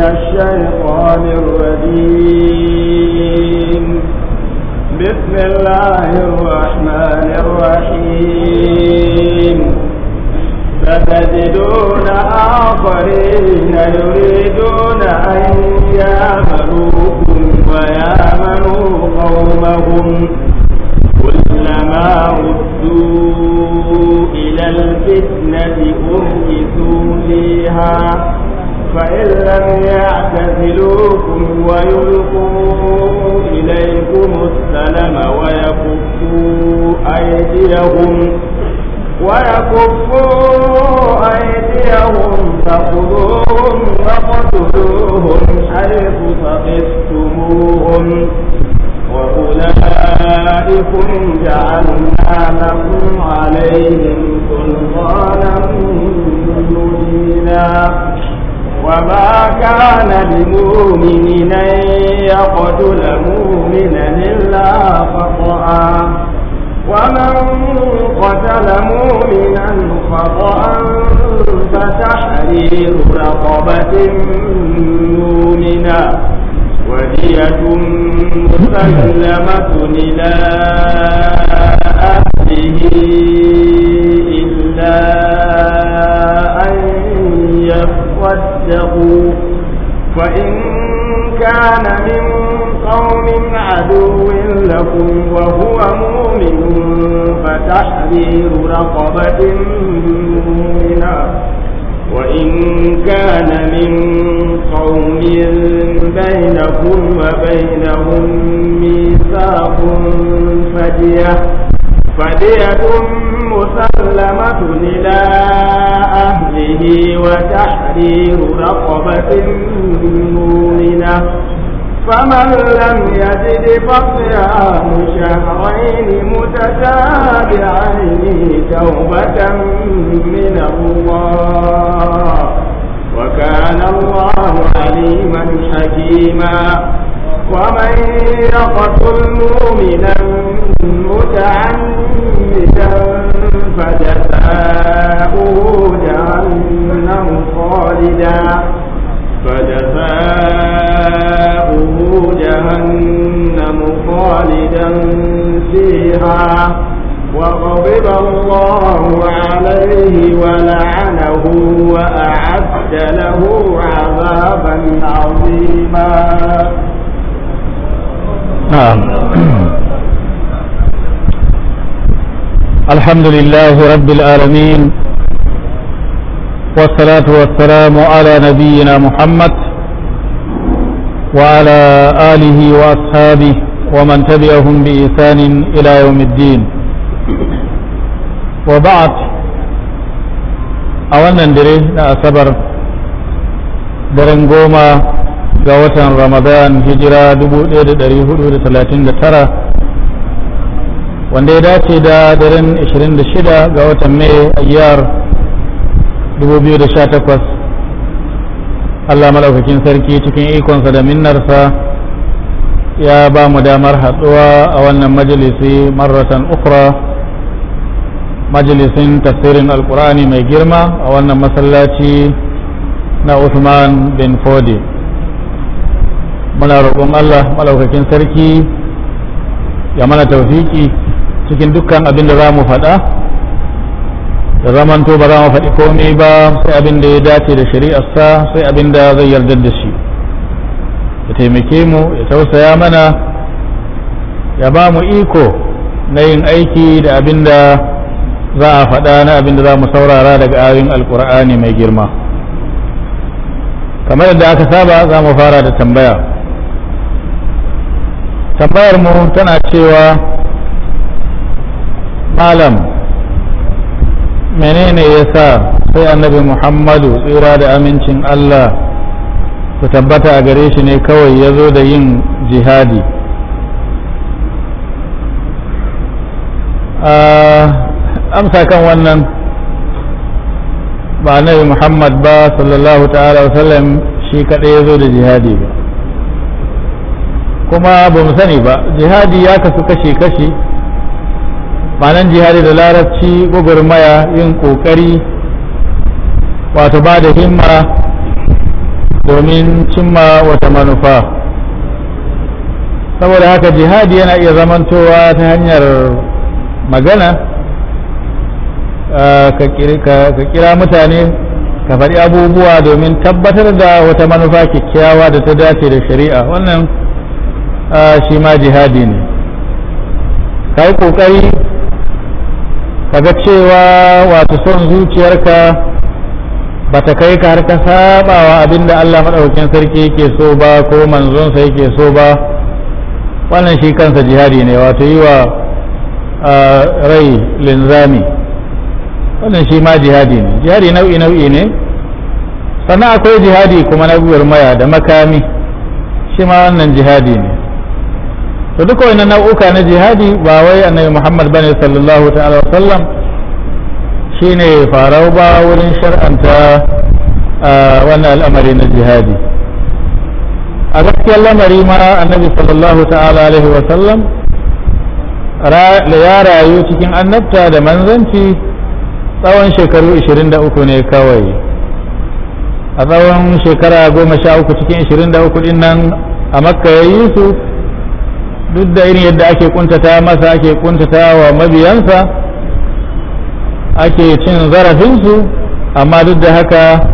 من الشيطان الرجيم بسم الله الرحمن الرحيم ستجدون آخرين يريدون أن يعملوكم ويعملوا قومهم كلما ردوا إلى الفتنة أركسوا فيها فإن لم يعتزلوكم ويلقوا إليكم السلم ويكفوا أيديهم ويكفوا أيديهم فخذوهم وقتلوهم حيث سقفتموهم وأولئكم جعلنا لكم عليهم سلطانا مبينا وما كان لمؤمن أن يقتل مؤمنا إلا خطأ ومن قتل مؤمنا خطأ فتحرير رقبة مؤمنا ودية مسلمة إلى أهله إلا فاتقوا فإن كان من قوم عدو لكم وهو مؤمن فتحرير رقبة مؤمنة وإن كان من قوم بينكم وبينهم ميثاق فدية فدية مسلمة إلى نحره وتحرير رقبة مؤمنة فمن لم يجد فصيام شهرين متتابعين توبة من الله وكان الله عليما حكيما ومن يقتل مؤمنا متعمدا فجزاؤه جهنم خالدا فجزاؤه جهنم خالدا فيها وغضب الله عليه ولعنه وأعد له عذابا عظيما نعم الحمد لله رب العالمين والصلاة والسلام على نبينا محمد وعلى آله وأصحابه ومن تبعهم بإحسان إلى يوم الدين وبعد أولا دري أصبر رمضان هجرة دبو watan ramadan hijira 1439 لترى وندي داتي دا درن إشرين دشدة watan مي أيار 2018 Allah malaukakin sarki cikin ikonsa da minnarsa ya ba mu damar haɗuwa a wannan majalisi marratan ukra majalisin tafsirin alkur'ani mai girma a wannan masallaci na Usman bin Fodi muna roƙon Allah malaukakin sarki ya mana taufiki cikin dukkan abin da za mu faɗa da zaman to ba za mu faɗi komai ba sai abin da ya dace da shari'arsa sai abin da zai yarda da shi ya taimake mu ya tausaya mana ya ba mu iko na yin aiki da abin da za a faɗa na abin da za mu saurara daga ayoyin alkur'ani mai girma kamar yadda aka saba za mu fara da tambaya tambayar mu tana cewa malam menene yasa sai annabi muhammadu tsira da amincin allah su tabbata a gare shi ne kawai ya zo da yin jihadi ah, amsa kan wannan ba annabi muhammad ba sallallahu ta'ala wasallam shi kaɗai ya zo da jihadi ba kuma ba sani ba jihadi ya kasu kashi kashi. manan jihadi da larabci gwagwarmaya yin kokari wato ba da himma domin cimma wata manufa saboda haka jihadi yana iya zamantowa ta hanyar magana eh, ka kira mutane ka faɗi abubuwa domin tabbatar da wata manufa kyakkyawa da ta dace da shari'a wannan eh, shi ma jihadi ne ka yi ƙoƙari kaga cewa wato son zuciyarka ba ta kai ka har ka abin abinda Allah madaukakin sarki yake so ba ko manzonsa yake so ba wannan shi kansa jihadi ne wato yi wa rai linzami wannan shi ma jihadi ne jihadi nau'i nau'i ne sannan akwai jihadi kuma na maya da makami shi ma wannan jihadi ne to duka wannan nau'uka na jihadi ba wai annabi Muhammad bane sallallahu ta'ala wa sallam shine farau ba wurin shar'anta wannan al'amari na jihadi a gaskiya lamari ma annabi sallallahu ta'ala alaihi wa sallam ya rayu cikin annabta da manzanci tsawon shekaru 23 ne kawai a tsawon shekara 13 cikin 23 din nan a makka ya yi su duk da irin yadda ake kuntata masa ake kuntata wa mabiyansa ake cin zarafinsu amma duk da haka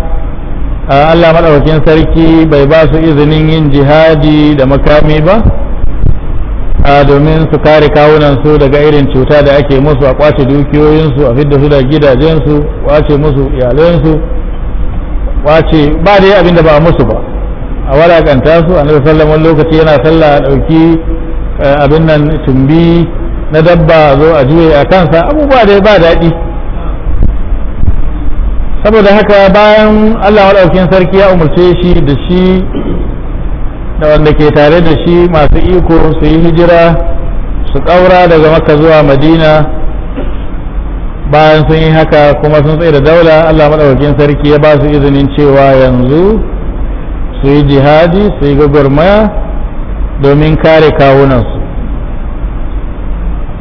Allah maɗaukin sarki bai ba su izinin yin jihadi da makami ba domin su kare kawunansu daga irin cuta da ake musu a kwace dukiyoyinsu a fidda su da gidajensu kwace musu iyalansu kwace ba da abin da ba musu ba a walakanta su a nufin sallamun lokaci yana sallah a ɗauki Eh, abin nan tumbi na dabba zo a juye a kansa abubuwa dai ba daɗi saboda haka bayan allah waɗaukin sarki ya umarce shi da shi da wanda ke tare da shi masu iko su yi hijira su ƙaura daga maka zuwa madina bayan sun yi haka kuma sun tsaye da daula allah maɗaukakin sarki ya ba su izinin cewa yanzu su yi jihadi su yi gwagwarmaya domin kare kawunansu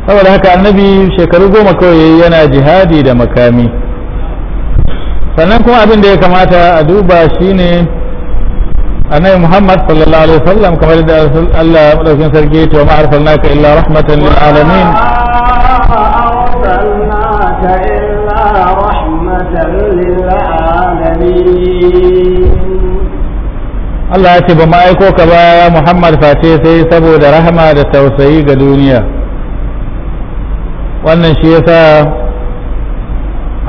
saboda haka annabi shekaru goma kawai yana jihadi da makami sannan kuma abin da ya kamata a duba shi shine annabi muhammad sallallahu alaihi wasallam kamar da allah madaukin sarki to ma arsalnaka illa rahmatan lil illa rahmatan lil alamin Allah ya ce ba ma aiko ka baya ya Muhammad face sai saboda rahama da tausayi ga duniya wannan shi yasa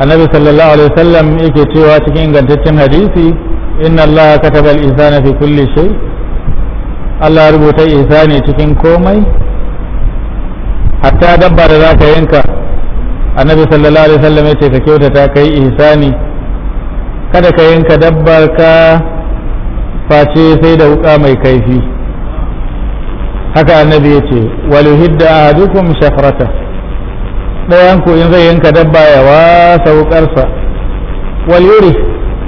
annabi sallallahu alaihi wasallam yake cewa cikin ingantaccen hadisi inna Allah kataba al-ihsana fi kulli shay Allah ya rubuta ihsani cikin komai hatta dabba da za ka yanka annabi sallallahu alaihi wasallam yace ka kyautata kai ihsani kada ka yanka dabbar ka face sai da wuka mai kaifi haka annabi ya ce waluhidda ahadukum shafrata ɗayan ku in zai yanka dabba ya wasa wukarsa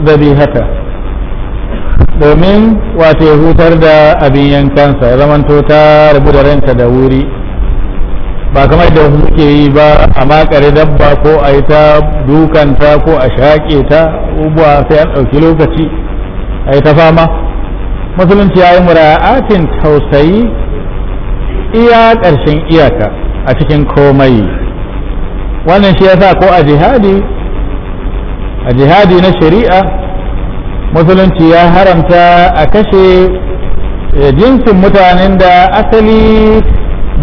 zabi haka. domin wato ya hutar da abin yankansa ya zamanto ta rabu da ranta da wuri ba kamar da wasu suke yi ba a makare dabba ko a yi ta dukanta ko a shaƙe ta ubuwa sai an ɗauki lokaci a yi ta fama musulunci ya yi mura'atin tausayi iya ƙarshen iyaka a cikin komai wannan shi yasa ko a jihadi a jihadi na shari'a musulunci ya haramta a kashe eh, jinsin mutanen da asali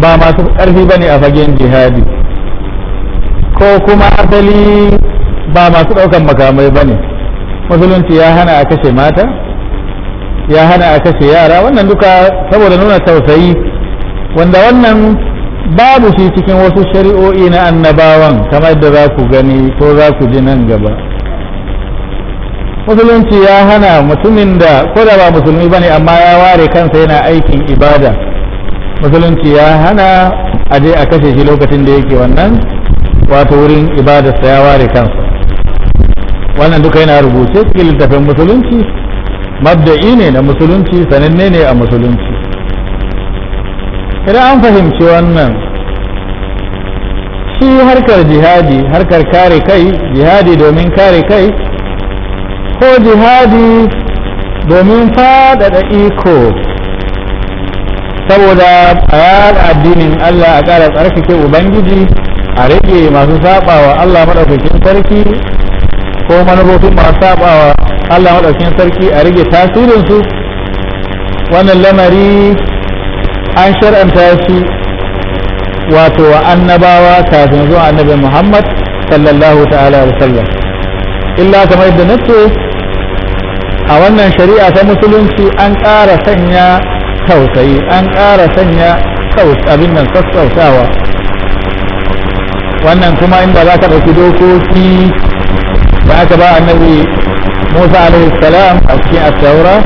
ba masu ƙarfi ba ne a fagen jihadi ko kuma asali ba masu ɗaukan makamai ba ne musulunci ya hana a kashe mata ya hana a kashe yara wannan duka saboda nuna tausayi wanda wannan babu shi cikin wasu shari'o'i na annabawan kamar da za ku gani ko za ku ji nan gaba musulunci ya hana mutumin da ko da ba musulmi bane amma ya ware kansa yana aikin ibada musulunci ya hana a je a kashe shi lokacin da yake wannan wato wurin ibadarsa ya ware kansa wannan duka yana rubuce cikin littafin musulunci mabda'i ne na musulunci sananne ne a musulunci idan an fahimci wannan shi harkar jihadi harkar kare kai jihadi domin kare kai ko jihadi domin faɗaɗa iko saboda a yaɗa addinin Allah a ƙara tsarkake ubangiji a rage masu saɓawa Allah maɗaukakin sarki ko manufofin masu saɓawa Allah maɗaukin sarki a rage tasirinsu wannan lamari an shar'anta shi wato wa annabawa kafin zuwa annabi Muhammad sallallahu ta'ala wa sallam illa kamar yadda nace a wannan shari'a ta musulunci an ƙara sanya tausayi an ƙara sanya abin nan sassautawa wannan kuma in ba za ka ɗauki dokoki da aka ba annabi موسى عليه السلام أشياء الشهورة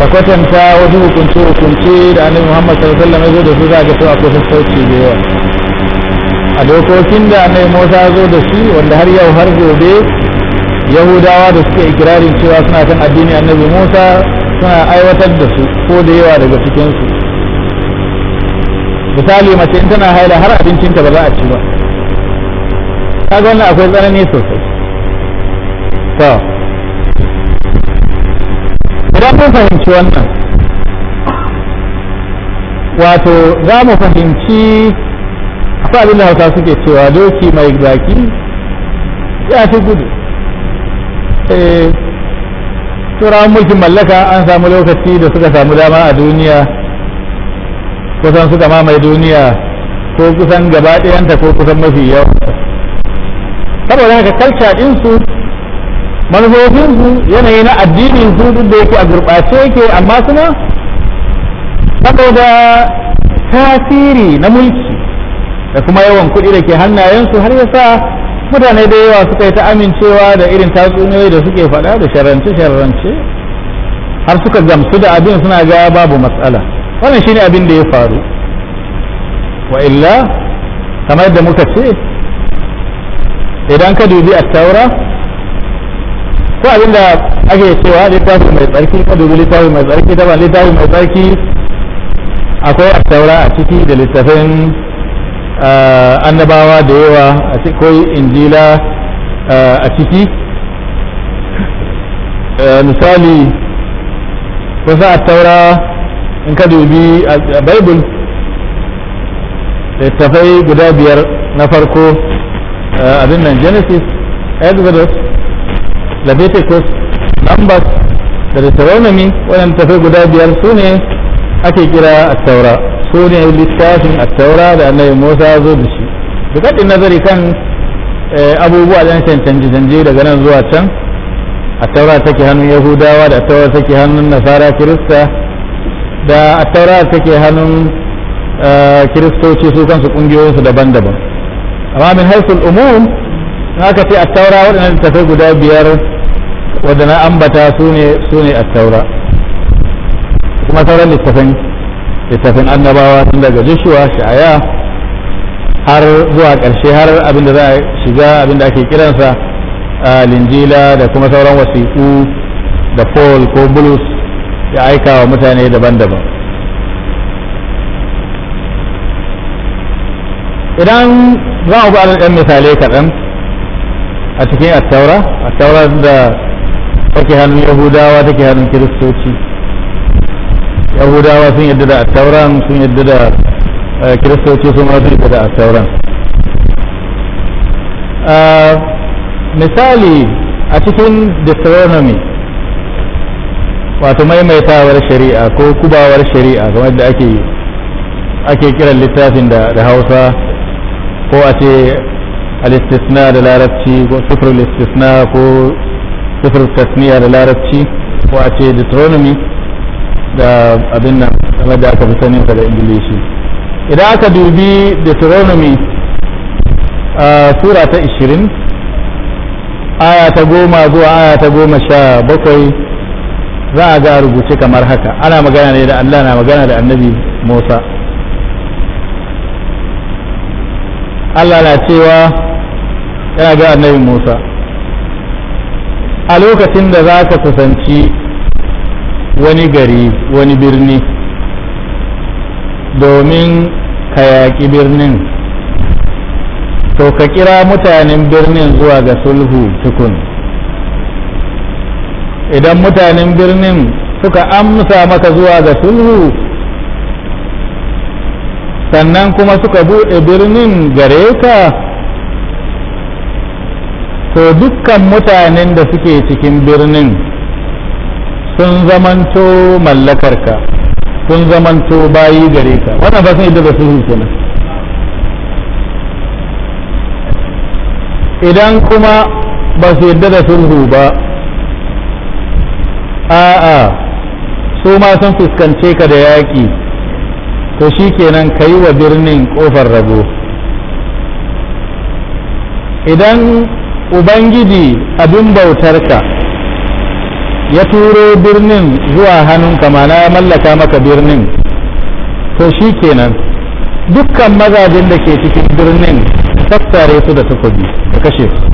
فقط انتا وجوه كنتو كنتي لأن محمد صلى الله عليه وسلم يزود في ذاك سوى قوة الصوت في جهة أدوك وكين لأن موسى يزود في وانده هر يو هر جو بي يهودا ودسك إقرار سوى سنة كان أديني النبي موسى سنة أيوة تدس فود يوى لغا في كنسو بسالي ما تنتنا هاي لهر أدين تنتا بلا أتشوى أقول لأكوز أنا نيسو سوى طيب. 好。idan mun fahimci wannan wato za mu fahimci akwai abin da hausa suke cewa doki mai baki ya fi gudu eh, turawan mulkin mallaka an samu lokaci da suka samu dama a duniya kusan suka mamaye duniya ko kusan gaba ɗayanta ko kusan mafi yawa saboda haka kalca ɗinsu manufofinsu yanayi na addinin su duk da yake a gurɓace yake amma suna saboda tasiri na mulki da kuma yawan kuɗi da ke hannayensu har ya sa mutane da yawa suka yi ta amincewa da irin tatsuniyoyi da suke faɗa da sharrance-sharrance har suka gamsu da abin suna ga babu matsala wannan shine abin da ya faru wa illa kamar da muka ce idan ka dubi a taura ko abin da ake cewa littafi mai tsarki ko dubu littafi mai tsarki da ba littafi mai tsarki akwai attaura a ciki da littafin eh, annabawa da yawa a cikin injila eh, a ciki eh, misali kusa attaura in ka dubi a baibul littafai guda biyar na farko abin nan genesis exodus leviticus numbers da deuteronomy waɗanda tafai guda biyar su ne ake kira attaura su ne littafin attaura da annabi musa zo da shi bukatin nazari kan eh, abubuwa dan cancanci canje daga nan zuwa can attaura take hannun yahudawa da attaura take hannun nasara kirista da attaura take hannun eh, kiristoci su kansu kungiyoyinsu daban-daban amma min haisul umum haka ce attaura waɗannan littattafai guda biyar wadda na ambata su ne su ne attaura kuma sauran littafin littafin annabawa tun daga joshua sha'aya har zuwa ƙarshe har abin da za a shiga abin da ake kiransa linjila da kuma sauran wasiƙu da paul ko bulus ya aika wa mutane daban-daban idan za a ba ɗan misalai kaɗan a cikin attaura attaura da take hannun yahudawa take hannun kiristoci yahudawa sun yadda da attaura sun yadda da eh, kiristoci sun yadda da attaura ah, misali a cikin deuteronomy wato maimaitawar shari'a ko kubawar shari'a kamar da ake ake kiran littafin da hausa ko a ce al-istisna da larabci ko sifrul istisna ko sifrul tasniya da larabci ko a ce deuteronomy da abin nan kamar da aka fi sanin da ingilishi idan aka dubi deuteronomy a sura ta 20 aya ta goma zuwa aya ta goma sha bakwai za a ga rubuce kamar haka ana magana ne da Allah na magana da annabi Musa Allah na cewa yana ga annabi Musa a lokacin da za ka kusanci wani gari wani birni domin ka yaƙi birnin to ka kira mutanen birnin zuwa ga sulhu tukun idan mutanen birnin suka amsa maka zuwa ga sulhu sannan kuma suka buɗe birnin gare ka to dukkan mutanen da suke cikin birnin sun zamanto mallakarka sun zamanto bayi gare ka wannan ba sun yadda da sun kenan idan kuma ba su yadda da sulhu ba a'a su ma sun fuskance ka da yaƙi to shi kenan ka yi wa birnin ƙofar rago idan ubangiji abin bautarka ya turo birnin zuwa hannunka mana ya mallaka maka birnin to shi kenan dukkan mazajen da ke cikin birnin tattare su da takobi da kashe su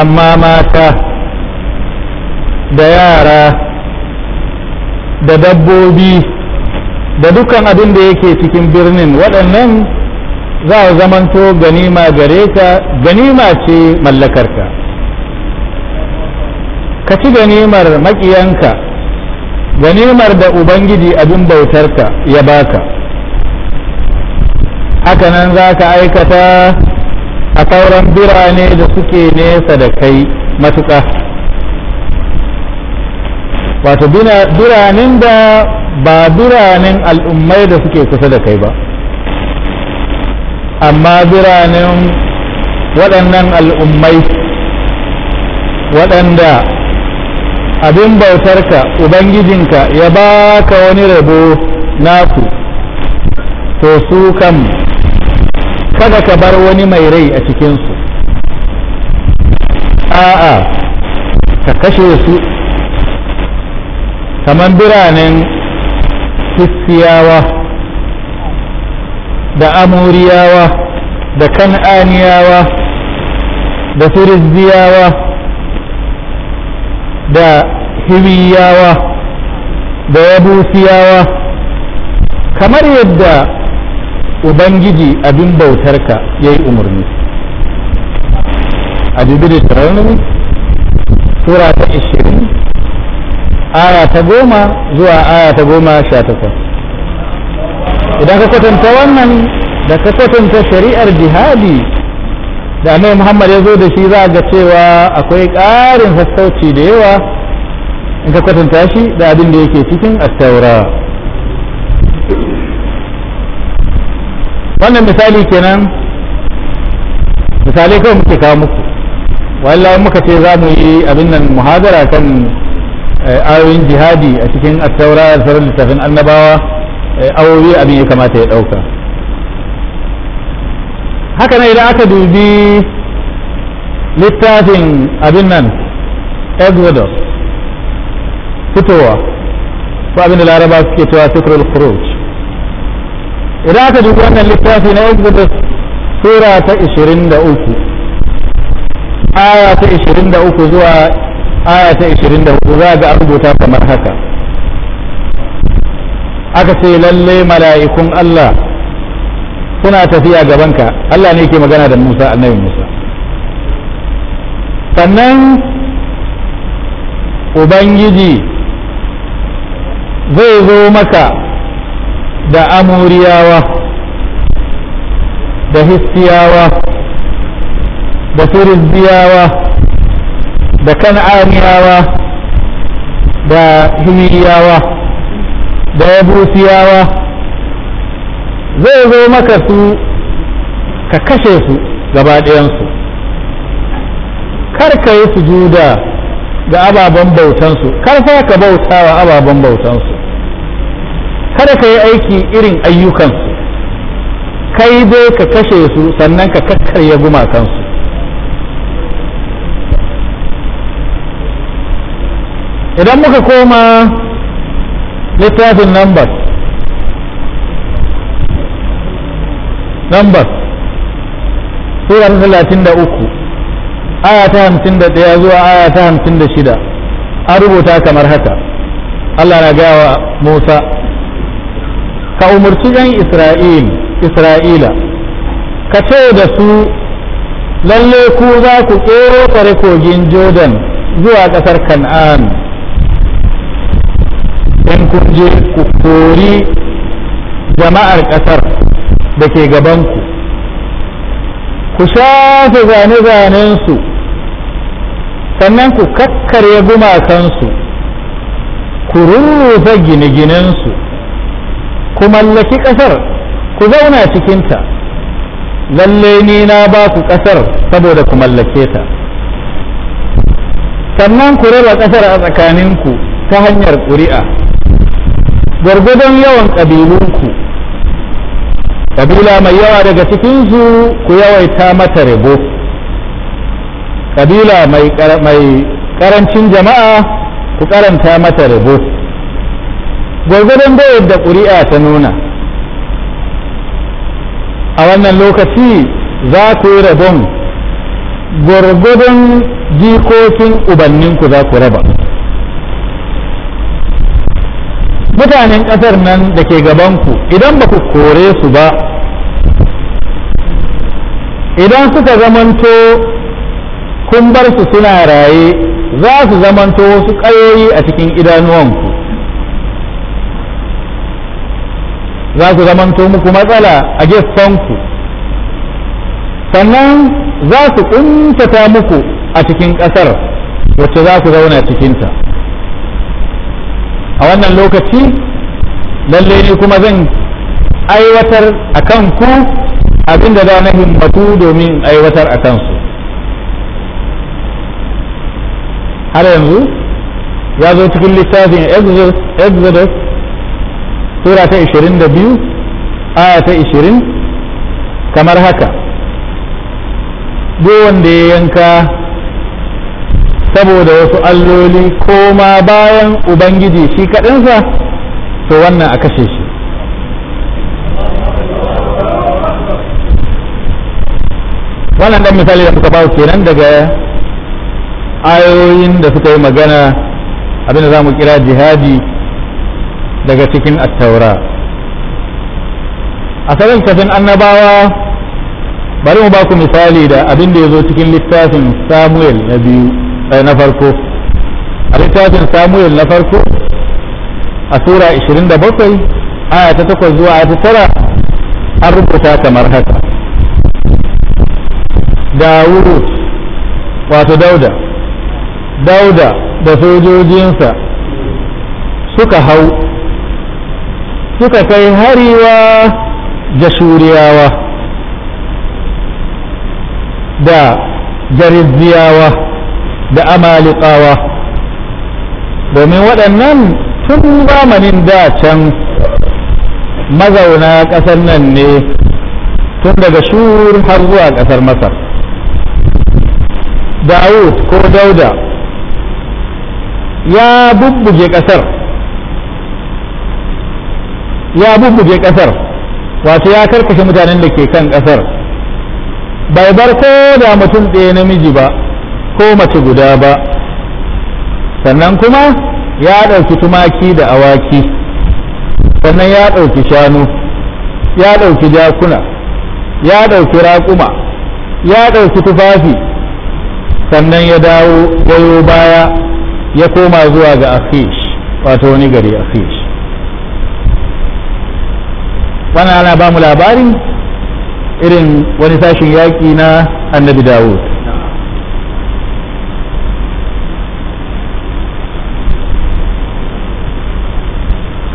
amma mata da yara da dabbobi da dukkan abin da yake cikin birnin waɗannan za a zamanto ganima gare ka ganima ce mallakarka ka ci ganimar maƙiyanka ganimar da ubangiji abin bautarka ya baka hakanan za ka aikata a sauran birane da suke nesa da kai matuƙa wato biranen da ba biranen al'ummai da suke kusa da kai ba amma biranen waɗannan al'ummai waɗanda abin bautarka ubangijinka ya ba ka wani rabo naku to su kan kada ka bar wani mai rai a cikinsu a'a ka kashe su kamar biranen kiskiyawa da amuriyawa da kan'aniyawa da firizziyawa da hiwiyawa da yabusiyawa kamar yadda ubangiji abin bautarka ya yi umarni a jibiri tararrumi tura ta 20 aya ta goma zuwa aya ta goma sha takwas idan ka kwatanta wannan da ka kwatanta shari'ar jihadi da annabi Muhammad ya zo da shi za ga cewa akwai ƙarin sassauci da yawa in ka kwatanta shi da abin da yake cikin attaura wannan misali kenan misalai kawai muke kawo muku walla muka ce za mu yi abin nan muhadara kan eh, ayoyin jihadi a cikin attaura da sarar littafin annabawa mai abin ya kamata ya dauka haka ne idan aka dubi littafin abin nan exodus fitowa ko abin da laraba suke cewa sukral khuruj idan aka dubi wannan littafi na exodus sura ta 23 aya ta 23 zuwa aya ta 24 za ga rubuta kamar haka aka ce lalle mala'ikun Allah suna tafiya gabanka Allah ne ke magana da Musa annabi Musa sannan Ubangiji zai zo maka da amuriyawa da hissiyawa da firizziyawa da kan'aniyawa da himiyawa da ya yawa zai zo maka su ka kashe su gaba ɗayansu kar ka yi sujuda ga ababen bautansu kar sa ka bauta wa ababen bautansu kada ka yi aiki irin ayyukansu kai dai ka kashe su sannan ka kakkarya gumakansu idan muka koma littafin numbers numbers sura ta talatin da uku aya ta hamsin da ɗaya zuwa aya ta hamsin da shida an rubuta kamar haka Allah na gawa Musa ka umarci ‘yan Isra'il Isra'ila ka ce da su lalle ku za ku ƙero kogin Jordan zuwa ƙasar Kan'an idan kun je ku kori jama'ar ƙasar da ke gabanku ku shafe zane-zanensu sannan ku kakkarya gumakansu ku rurrufe gine-ginensu ku mallaki ƙasar ku zauna cikinta lalle ni na ba ku ƙasar saboda ku mallake ta sannan ku raba ƙasar a tsakaninku ta hanyar ƙuri'a gwargwadon yawan ƙabilunku ƙabila mai yawa daga cikinsu ku yawaita mata rabo ƙabila mai ƙarancin jama'a ku ƙaranta mata rabo gwargwadon da yadda ƙuri'a ta nuna a wannan lokaci za ku yi rabon gwargwadon jikokin ubanninku za ku raba mutanen ƙasar nan da ke gaban ku idan ba ku kore su ba idan suka zamanto kun bar su suna raye za su zamanto wasu ƙayoyi a cikin idanuwanku za su zamanto muku matsala a ku sannan za su ƙuntata muku a cikin ƙasar wacce za ku zauna cikinta a wannan lokaci lalle ni kuma zan aiwatar a kan ku abinda da na himmatu domin aiwatar a kansu har yanzu ya zo cikin littafin exodus sura ta 22 aya ta 20 kamar haka duk wanda ya yanka saboda wasu alloli koma bayan ubangiji shi kaɗinsa to wannan a kashe shi wannan dan misali da muka ba kenan daga ayoyin da suka yi magana abinda za mu kira jihadi daga cikin attaura a sabon kafin annabawa bari mu ba ku misali da abinda ya zo cikin littafin samuel na biyu na farko a littafin samuel na farko a sura 27 aya ta takwas zuwa aya ta 9 an rubuta kamar haka dawudu wato dauda dauda da sojojinsa suka hau suka kai hariwa shuriyawa da jarizziyawa da amalikawa domin waɗannan tun zamanin da can mazauna ƙasar nan ne tun daga shur har zuwa ƙasar masar dawud ko dauda ya bubbuge ƙasar ya bubbuge ƙasar wato ya karkashe mutanen da ke kan ƙasar bai bar ko da mutum ɗaya namiji ba ko mace guda ba sannan kuma ya ɗauki tumaki da awaki sannan ya ɗauki shanu ya ɗauki jakuna ya ɗauki raƙuma ya ɗauki tufafi sannan ya dawo goyo baya ya koma zuwa ga akhish wato wani gari akhish wannan ana ba mu labarin irin wani sashin yaƙi na annabi dawud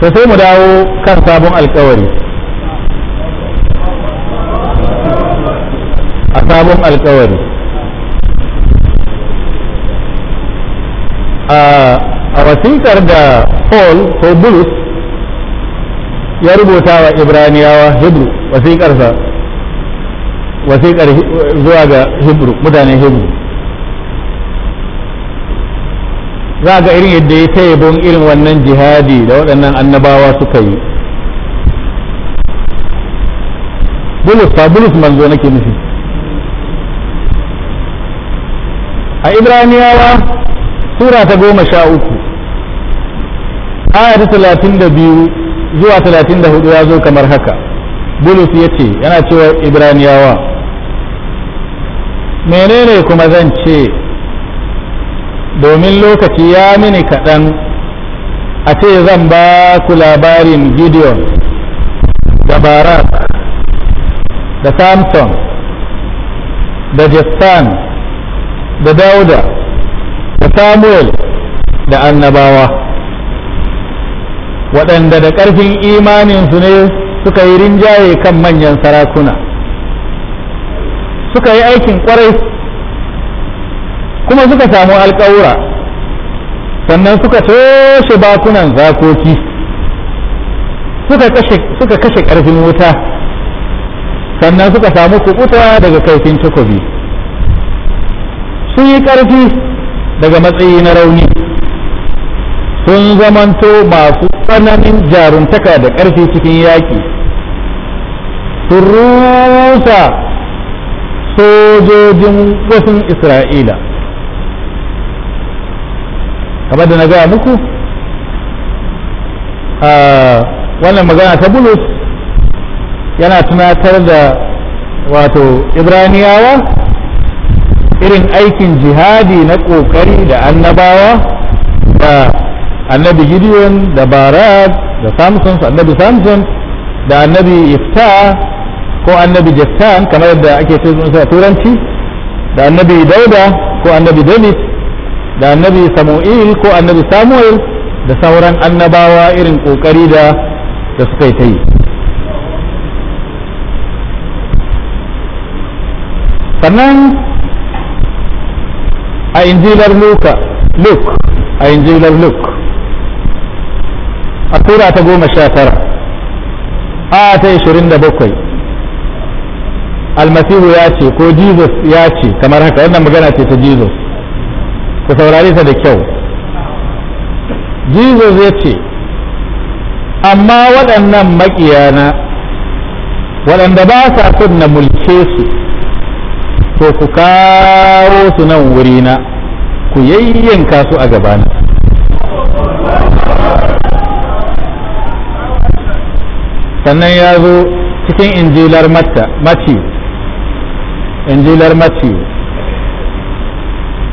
to sai mu dawo kan sabon alkawari a sabon alkawari a wasiƙar da paul ko bulus ya rubuta wa ibraniyawa hebru wasiƙarsa wasiƙar zuwa ga hebru mutanen hebru za ga irin yadda ya ta yabon irin wannan jihadi da waɗannan annabawa suka yi bulus ta bulus manzo nake nufi a ibraniyawa sura ta goma sha uku aya talatin da biyu zuwa talatin da hudu ya zo kamar haka bulus ya ce yana cewa ibraniyawa menene kuma zan ce domin lokaci ya mini kaɗan a ce zan ba ku labarin gideon da barak da samson da jessan da dauda da samuel da annabawa waɗanda da ƙarfin imaninsu ne suka yi rinjaye kan manyan sarakuna suka yi aikin ƙwarai kuma suka samu alƙawura sannan suka toshe bakunan zakoki suka kashe ƙarfin wuta sannan suka samu kubuta daga kaifin takobi sun yi ƙarfi daga matsayi na rauni sun zamanto masu tsananin jaruntaka da ƙarfi cikin yaƙi sun rusa sojojin wasu isra'ila kamar da na gaya muku ah, wannan magana ta bulus yana tunatar da wato ibraniyawa irin aikin jihadi na ƙoƙari da annabawa da annabi gideon da barad da samson annabi samson da annabi ifta ko annabi jeftan kamar da ake ce turanci da annabi dauda ko annabi david da annabi samu'il ko annabi samuel da sauran annabawa irin kokari da da suka yi ta yi sannan a injilar luka luke a injilar luke a tura ta goma sha tara a ta ishirin da bakwai almasihu ya ce ko jesus ya ce kamar haka wannan magana ce ta jesus ku saurare ta da kyau jesus ya ce amma waɗannan maƙiyana waɗanda ba sa son na mulke su to ku kawo su nan wuri na ku yayyanka su a gabana sannan ya zo cikin injilar matta mati injilar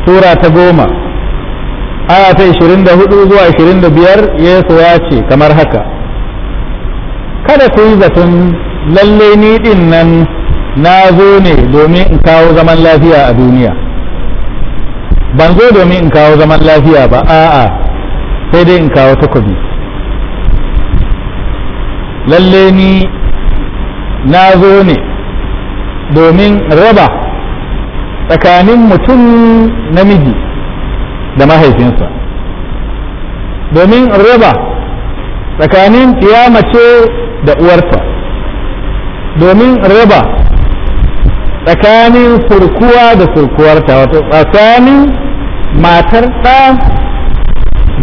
sura ta goma aya ta hudu zuwa ishirin 25 yesu ya ce kamar haka kada ku yi zaton lalle ni din nan na zo ne domin in kawo zaman lafiya a duniya ban zo domin in kawo zaman lafiya ba a'a sai dai in kawo takobi lalle ni na zo ne domin raba tsakanin mutum namiji da mahaifinsa domin raba tsakanin mace da uwarta domin raba tsakanin furkuwa da surkuwarta wato tsakanin matar ɗa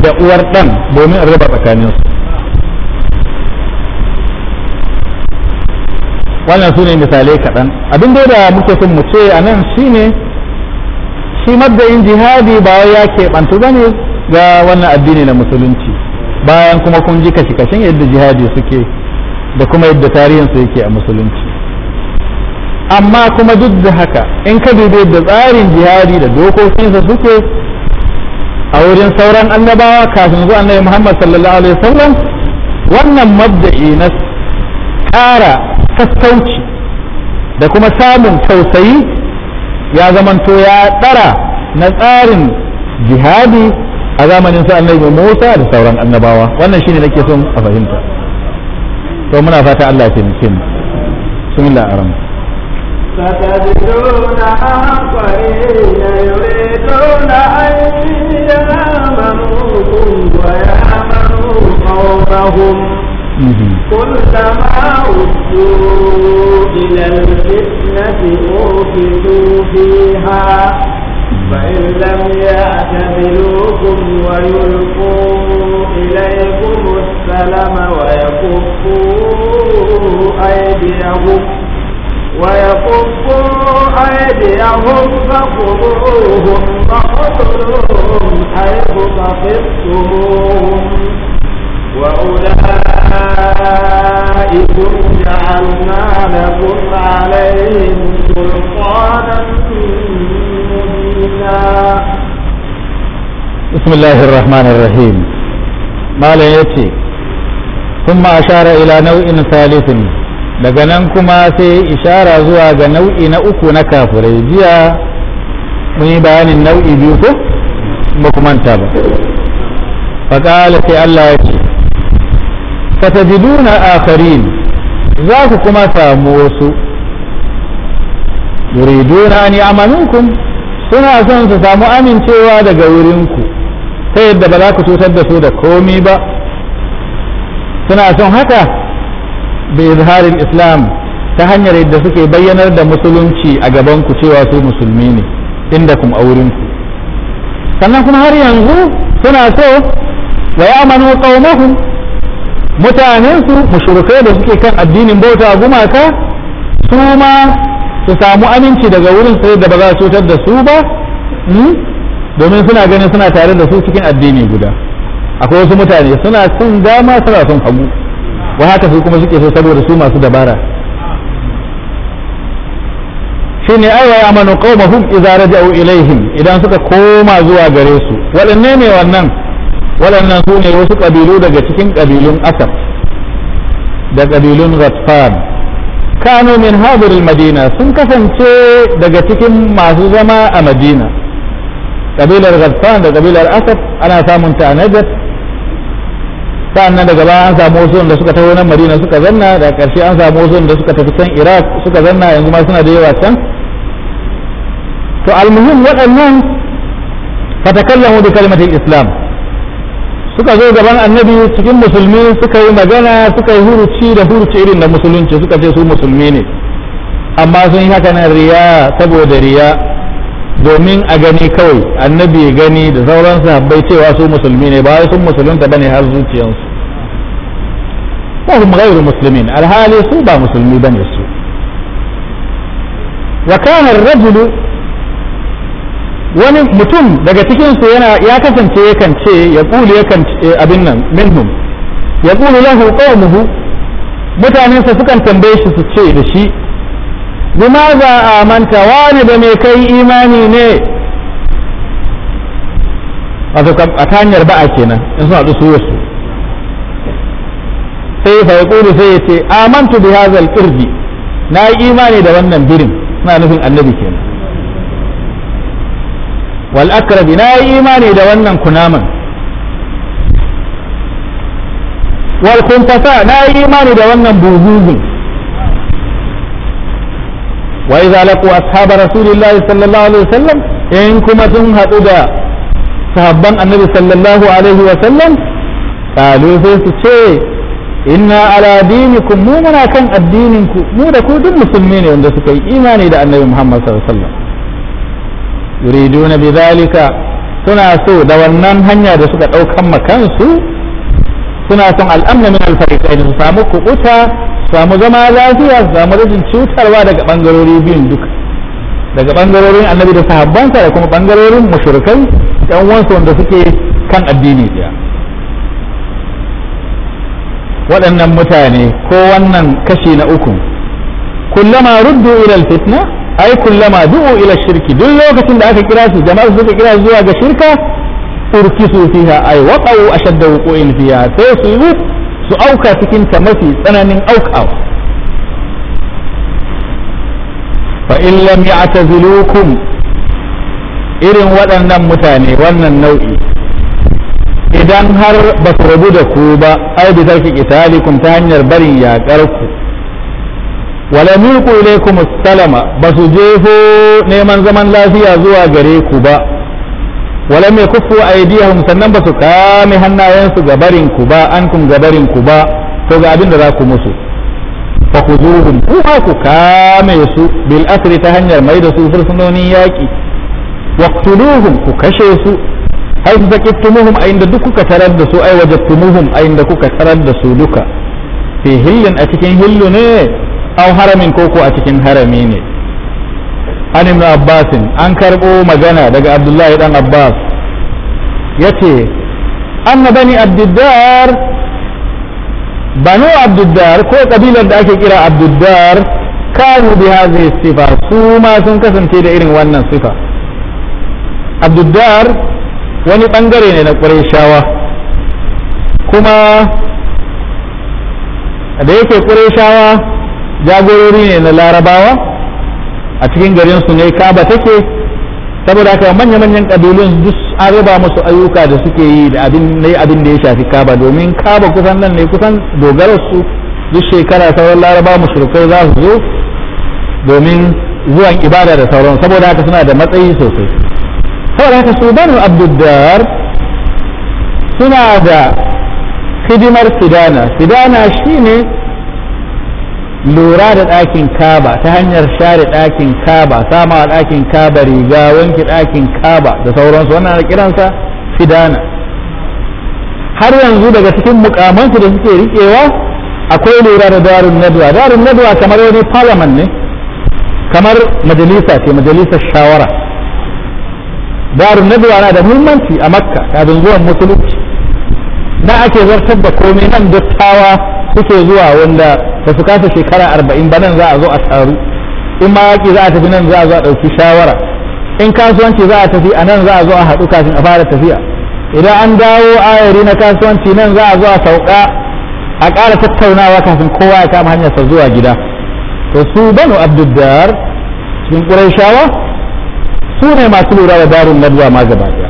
da uwar ɗan domin raba tsakaninsu wannan su ne misalai kaɗan abin da muke son mu ce a nan shi ne shi maddayin jihadi ba ya keɓantu ba ne ga wannan addini na musulunci bayan kuma kun ji kashe-kashen yadda jihadi suke da kuma yadda tarihinsu yake a musulunci amma kuma duk da haka in ka dubi yadda tsarin jihadi da dokokinsa suke a wurin sauran annabawa kafin zuwa annabi muhammad sallallahu alaihi wasallam wannan mabda'i na ƙara sassauci da kuma samun tausayi ya zamanto ya tsara na tsarin jihadi a zamanin su annabi Musa da sauran annabawa wannan shine nake son a fahimta to muna fata Allah ya taimake mu bismillah aram ستجدون yuriduna يريدون أن wa ويامنوا قومهم قل سماء إلى الفتنة أركزوا فيها فإن لم يعتبروكم ويلقوا إليكم السلم ويكفوا أيديهم ويكفوا أيديهم فخذوهم فاقتلوهم حيث ثقفتموهم جعلنا لكم عليهم سلطانا مبينا بسم الله الرحمن الرحيم ما لا يأتي ثم أشار إلى نوع ثالث daga nan kuma sai ishara zuwa ga nau'i na uku na kafirai jiya mun yi bayanin nau'i biyu ko ba ku manta ba faƙala sai Allah ya ce فتجدون آخرين ذاك كما ساموس يريدون أن يعملوكم سنة سنة سامو أمين تيوا دقا ورينكو تيد بلاك تسد سودة كومي با سنة سنة حتى بإظهار الإسلام تهني ريد سكي بيّن ردى مسلم شي أقبانكو تيوا سو مسلميني عندكم أورينكو سنة كم هاري أنغو سنة سنة ويأمنوا قومهم mutanensu mushrikai da suke kan addinin bauta gumaka su ma su samu aminci daga wurin sai da ba za a cutar da su ba hmm? domin suna ganin suna tare da su cikin addini guda akwai wasu mutane suna son dama suna son hagu wa haka su kuma suke so saboda su masu dabara shine aiwa ya amanu qaumahum idza raja'u ilaihim idan suka koma zuwa gare su waɗanne ne wannan waɗannan su ne wasu ƙabilu daga cikin ƙabilun asaf da ƙabilun ghatfan kanu min hadir madina sun kasance daga cikin masu zama a madina ƙabilar ghatfan da ƙabilar asaf ana samun ta a najar sa'annan daga baya an samu wasu da suka taho nan madina suka zanna da ƙarshe an samu wasu da suka tafi can iraq suka zanna yanzu ma suna da yawa can to almuhim waɗannan fatakallamu bi kalimatul islam suka zo gaban annabi cikin musulmi suka yi magana suka yi huruci da huruci irin da musulunci suka ce su musulmi ne amma sun yi haka nan riya saboda riya domin a gani kawai annabi gani da sauran sahabbai cewa su musulmi ne ba sun musulunta bane har zuciyarsu wahum ghairu muslimin alhali su ba musulmi bane su wa kana ar-rajulu wani mutum daga cikinsu yana ya kasance yakan ce ya ƙuli yakan abin nan minhum ya ƙuli lahu qawmuhu mutanensa sukan tambaye shi su ce da shi limaza amanta wani da me kai imani ne wato a ta hanyar ba'a kenan in suna da sai fa ya ƙuli sai ya ce amantu bi hazal qirdi na yi imani da wannan birin suna nufin annabi kenan wal akrabi na yi imani da wannan kunaman wal na yi imani da wannan buzuzin wa idza laqu ashab rasulillahi sallallahu alaihi wasallam in kuma sun haɗu da sahabban annabi sallallahu alaihi wasallam qalu sai su ce inna ala dinikum mu muna kan addinin ku mu da ku duk musulmi ne wanda suka yi imani da annabi muhammad sallallahu alaihi wasallam يريدون بذلك سنة سو دوانا هنيا دسوك أو كم مكان سو سنة سو الأمن من الفريقين سامو كوتا سامو زما لافيا سامو رجل سوتا الوادة بانجلوري بين دوك دك بانجلوري النبي دسوك حبان سارة كم بانجلوري مشركي يوان سو اندسوك كان الديني جا وأن متاني كو وانا كشين أكم كلما ردوا إلى الفتنة ai kullama du'u ila shirki duk lokacin da aka kira su jama'ar suka kira zuwa ga shirka urkisu fiha ai waqau ashadda wuqu'in fiha sai su yi su auka cikin ta mafi tsananin auka fa in lam ya'tazilukum irin waɗannan mutane wannan nau'i idan har ba su rabu da ku ba ai bi tarki qitalikum ta hanyar barin yaƙar ku wala mulku ilaikum salama ba su jefo neman zaman lafiya zuwa gare ku ba wala mai kufu aidiyahum sannan ba su kame hannayensu ga barin ba an kun ga ba to ga abin da ku musu fa khuzuhum ku ha ku kame su bil asri ta hanyar mai da su fursunonin yaki waqtuluhum ku kashe su haifu zakittumuhum a inda duk kuka tarar su ai wajattumuhum a inda kuka tarar da su duka fi hillin a cikin hillu ne au haramin koko a cikin harami ne an ibn abbasin an karɓo magana daga abdullahi dan abbas ya ce anna bani abdiddar banu abduddar ko kabilar da ake kira abdiddar kanu bi hadhihi sifa su ma sun kasance da irin wannan sifa abdiddar wani bangare ne na qurayshawa kuma da yake qurayshawa jagorori ne na larabawa a cikin garin su ne kaba take saboda haka manya-manyan kabilun duk an raba musu ayyuka da suke yi da abin ne abin da ya shafi kaba domin kaba kusan nan ne kusan dogarar su duk shekara sauran laraba mushrikai za su zo domin zuwan ibada da sauran saboda haka suna da matsayi sosai saboda haka su banu abduddar suna da hidimar sidana sidana shine lura da ɗakin kaba ta hanyar share ɗakin kaba sama ɗakin kaba riga wanke ɗakin kaba da sauransu wannan da kiransa fidana har yanzu daga cikin mukamansu da suke riƙewa akwai lura da darun nadwa darun nadwa kamar wani parliament ne kamar majalisa ce majalisar shawara darun nadwa na da muhimmanci a makka kafin zuwan musulunci na ake zartar da komai nan dattawa suke zuwa wanda ba su kasa shekara arba'in ba nan za a zo a taru in ma yaƙi za a tafi nan za a zo a ɗauki shawara in kasuwanci za a tafi a nan za a zo a haɗu kafin a fara tafiya idan an dawo ayari na kasuwanci nan za a zo a sauka a ƙara tattaunawa kafin kowa ya kama hanyarsa zuwa gida to su banu abdullar cikin ƙurayshawa su ne masu lura da darun nadwa ma gaba ɗaya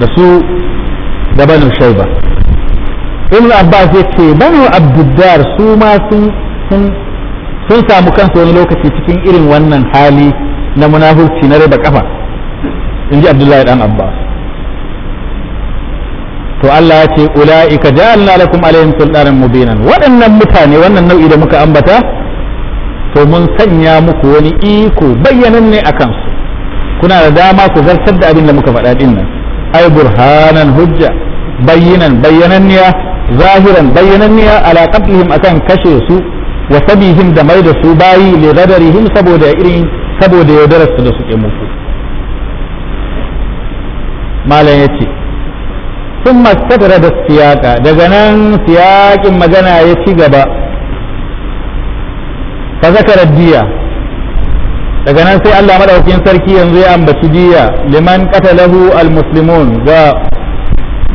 da su da banu shaiba ibn abbas ya ce banu abduddar su ma sun sun samu kansu wani lokaci cikin irin wannan hali na munafurci na raba kafa in ji abdullahi dan abbas to Allah ya ce ula'ika ja'alna lakum alaihim sultanan mubinan waɗannan mutane wannan nau'i da muka ambata to mun sanya muku wani iko bayyanan ne akan kuna da dama ku zartar da abin da muka faɗa din nan ai burhanan hujja bayyanan bayyananniya zahiran bayyananniya ala qatlihim akan kashe su wa sabihim da mai da su bayi li gadarihim saboda irin saboda yaudarar su da suke mutu malam yace sun mastadara da siyaka daga nan siyakin magana ya ci gaba fa zakara diya daga nan sai Allah madaukakin sarki yanzu ya ambaci jiya liman qatalahu almuslimun ga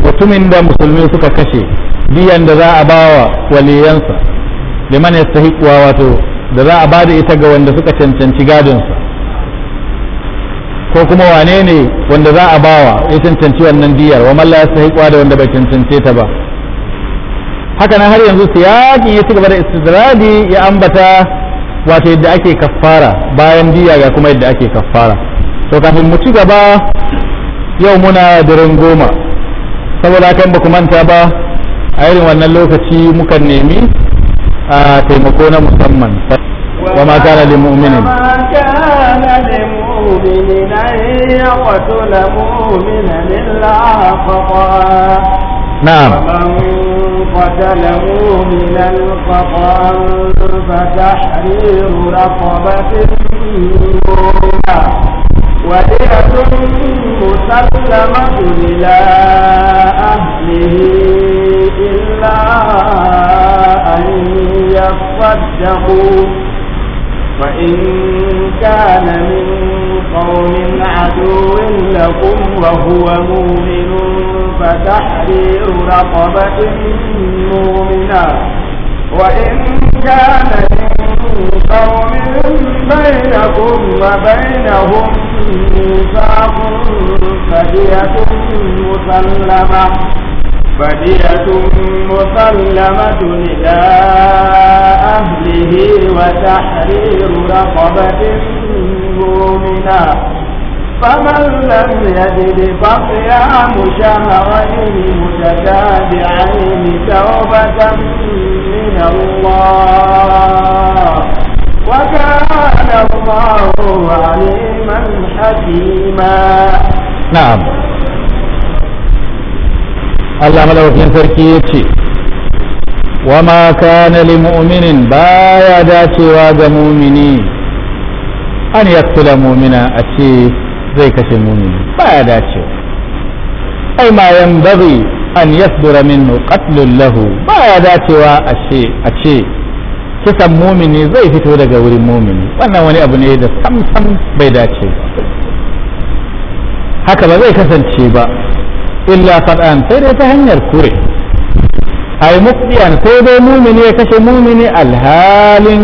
mutumin da musulmi suka kashe biyan da za a bawa waliyansa liman yastahiqwa wato da za a bada ita ga wanda suka cancanci gadonsa ko kuma wane ne wanda za a bawa ya cancanci wannan diyar wa malla yastahiqwa da wanda bai cancance ta ba haka nan har yanzu siyaki ya cigaba da istidradi ya ambata wato yadda ake kaffara bayan diya ga kuma yadda ake kaffara to kafin mu ci gaba yau muna daren goma saboda kan ba ku manta ba a irin wannan lokaci mukan nemi a taimako na musamman wa ma kana lil mu'minin na'am قتل مؤمنا خطأ فتحرير رقبة مؤمنة ودية مسلمة إلى تصدقوا فإن كان من قوم عدو لكم وهو مؤمن فتحرير رقبة مؤمنة وإن كان من قوم بينكم وبينهم ميثاق فدية مسلمة فدية مسلمة إلى أهله وتحرير رقبة مؤمنة فمن لم يجد فقيام شهرين متتابعين توبة من الله وكان الله عليما حكيما نعم الله لو كان تركيه وما كان لمؤمن بايا داسي واد مؤمني ان يقتل مؤمنا اتي زيك المؤمن بايا داسي اي ما ينبغي ان يصدر منه قتل له بايا داسي واشي اتي kisan mumini zai fito daga wurin mumini wannan wani abu ne da sam sam bai dace haka ba zai kasance ba illa sab'an sai dai ta hanyar kure ai mufdiyan ko dai mumini ya kashe mumini alhalin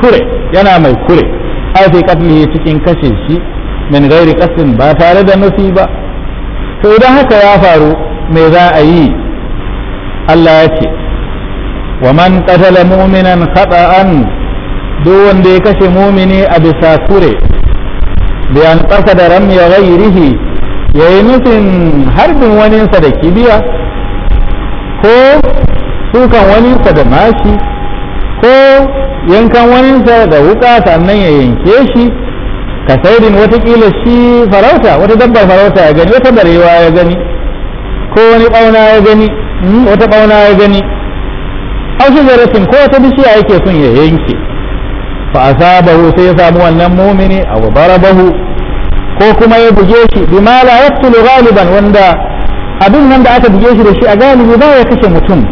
kure yana mai kure ai fi qatlihi cikin kashe shi min gairi qasdin ba tare da nufi ba to idan haka ya faru me za a yi Allah ya ce wa man qatala mu'minan khata'an duk wanda ya kashe mumini a bisa kure bi an qasada ramya ghairihi ya yi nufin harbin waninsa da kibiya ko sukan waninsa da mashi ko yankan waninsa da wuka sannan ya yanke shi ka sairin watakila shi farauta wata dabbar farauta ya gani wata barewa ya gani ko wani bauna ya gani hmm, wata bauna ya gani da zarafin ko wata bishiya yake son ya yanke fa asabahu sai ya samu wannan mumini abu barabahu ko kuma ya buge shi bima la yaqtulu galiban wanda abin nan da aka buge shi da shi a galibi ba ya kashe mutum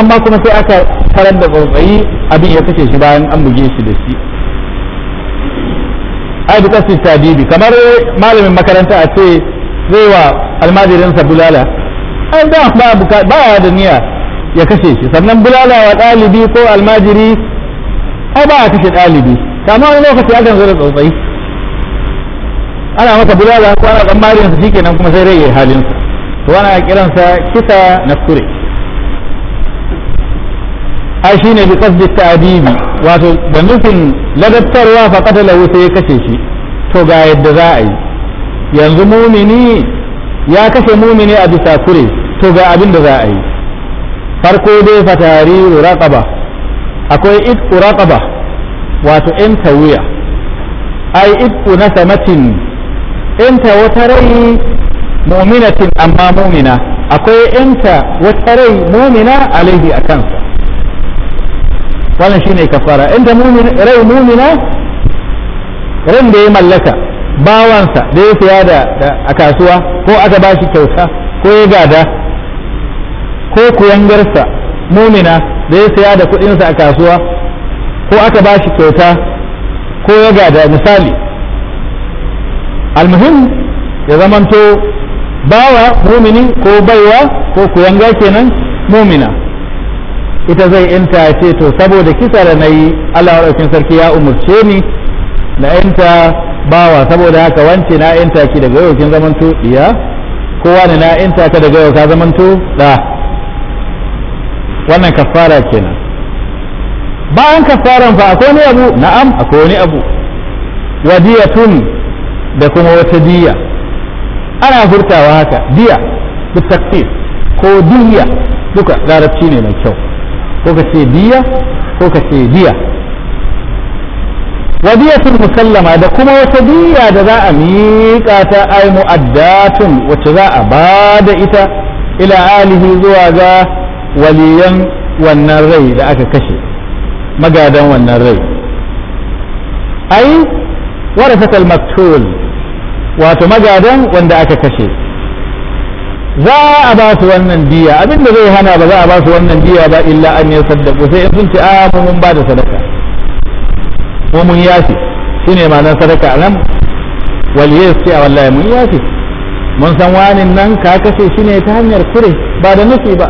amma kuma sai aka tarar da tsautsayi abin ya kashe shi bayan an buge shi da shi ai bi kasu tadibi kamar malamin makaranta a ce zai wa almajirinsa bulala ai da ba ya da niyya ya kashe shi sannan bulala wa ɗalibi ko almajiri ai ba a kashe ɗalibi kama wani lokaci akan zo da tsautsayi ana masa bulala ko ana dan mariyar sa shikenan kuma sai rage halin sa to ana kiran sa kisa na kure ai shine bi qasdi ta'dibi wato da nufin ladattarwa fa qatalahu sai ya kace shi to ga yadda za a yi yanzu mumini ya kashe mumini a bisa kure to ga abin da za a yi farko dai fatari raqaba akwai itku raqaba wato in tawiya ai itku na samatin yanta wata rai muminatin amma mumina akwai yanta wata rai mumina alaihi a kansa wannan shine kafara yanta rai mumina ran da ya mallaka bawansa da ya siya da a kasuwa ko aka ba shi kyauta ko ya gada ko kuyangarsa mumina da ya siya da kudinsa a kasuwa ko aka ba shi kyauta ko ya gada misali almuhim ya zamanto bawa mumini ko baiwa ko kuyanga kenan mumina ita zai inta ce to saboda kisa da na yi Allah ɗaukin sarki ya umarce ni na inta bawa saboda haka wance na inta ki daga yau kin zamanto iya kowa ne na inta ka daga yau ka zamanto da wannan kafara kenan bayan kafaran fa akwai wani abu na'am akwai wani abu wadiyatun da kuma wata diya ana furtawa haka diya da takfir ko diya duka larabci ne mai kyau ko ka ce diya ko ka ce diya wadiyatul musallama da kuma wata diya da za a miƙa ta ai mu'addatun wacce za a ba da ita ila alihi zuwa ga waliyan wannan rai da aka kashe magadan wannan rai ai warasatul maktul wato magadan wanda aka kashe za a ba su wannan diya da zai hana ba za a ba su wannan diya ba illa an ya saddaku sai sun ce a mun ba da sadaka mu mun yafi shi ne ma nan sadaka a nan waliyar ce wallahi mun yafi mun san wani nan ka kashe shi ne ta hanyar kure ba da nufi ba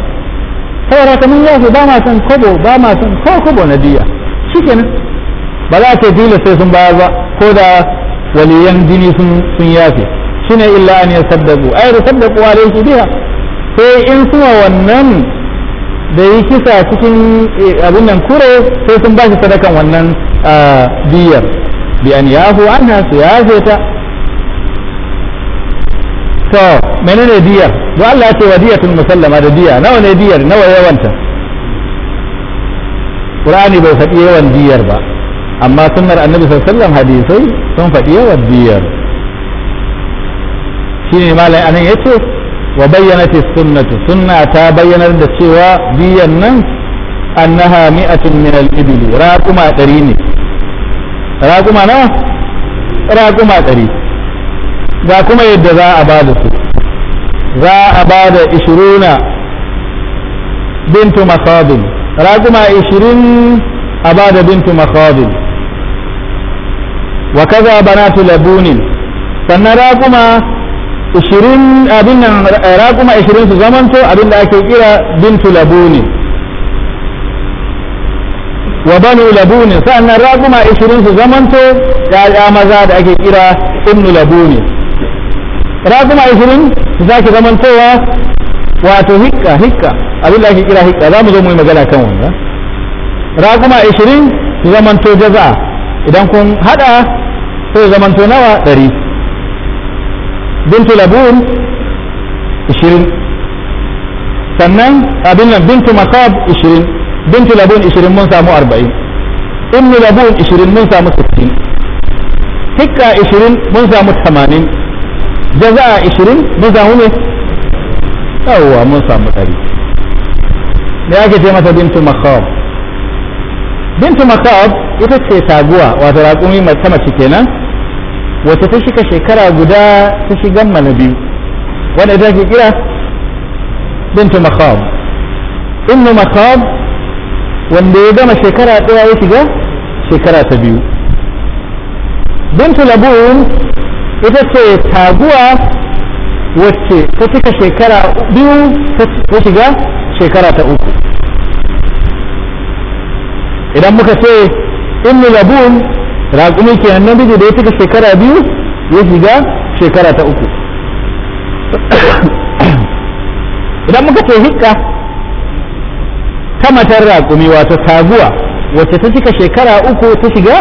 saboda ta mun yafi ba ma san kobo ba ma san ko kobo na diya shikenan ba za ta ce dole sai sun bayar ba ko da waliyan jini sun yafe shine illa an yasaddaku ai da saddaku alaihi biha sai in suna wannan da yi kisa cikin eh, abin nan kure sai sun bashi sadakan wannan biyar ah, bi an yafu anha su yafe ta to menene diyar don Allah ya ce wa diyatun musallama da diya nawa ne diyar nawa yawanta Qur'ani bai faɗi yawan diyar ba amma sunnar annabi sallallahu hadisai sun faɗi yawan biyar shine malai anan yace wa bayyanati sunnatu sunna ta bayyanar da cewa biyan nan annaha mi'atun min al-ibil raquma ɗari ne raquma nawa raquma ɗari ga kuma yadda za a ba da su za a ba da ishiruna bintu masadin raquma ishirin a ba da bintu masadin wa kaza banatu labunin sannan raguma 20 abin nan 20 su zamanto abin da ake kira bintu labunin wa banu labunin sannan raguma 20 su zamanto ya maza da ake kira ibnu labunin raguma 20 su zaki zamantowa wato hikka hikka abin da ake kira hikka za mu zo mu yi magana kan wanda raguma 20 su zamanto jaza idan kun hada sai zaman to nawa ɗari bintu labun ishirin sannan abin nan bintu masab ishirin bintu labun ishirin mun samu arba'in ummu labun ishirin mun samu sittin hikka ishirin mun samu tamanin jaza'a ishirin mun samu ne yawwa mun samu ɗari da ake ce mata bintu makab bintu makab ita ce taguwa wato raƙumi mai sama kenan wata ta shiga shekara guda ta shiga mana biyu wanda ta ke kira bintu makhab ibnu makhab wanda ya gama shekara ɗaya ya shiga shekara ta biyu bintu labun ita ce taguwa wacce ta cika shekara biyu ta shiga shekara ta uku idan muka ce ibnu labun raƙumi ke namiji da ya cika shekara biyu ya shiga shekara ta uku idan muka ce hikka ta matar raƙumi wato taguwa wacce ta cika shekara uku ta shiga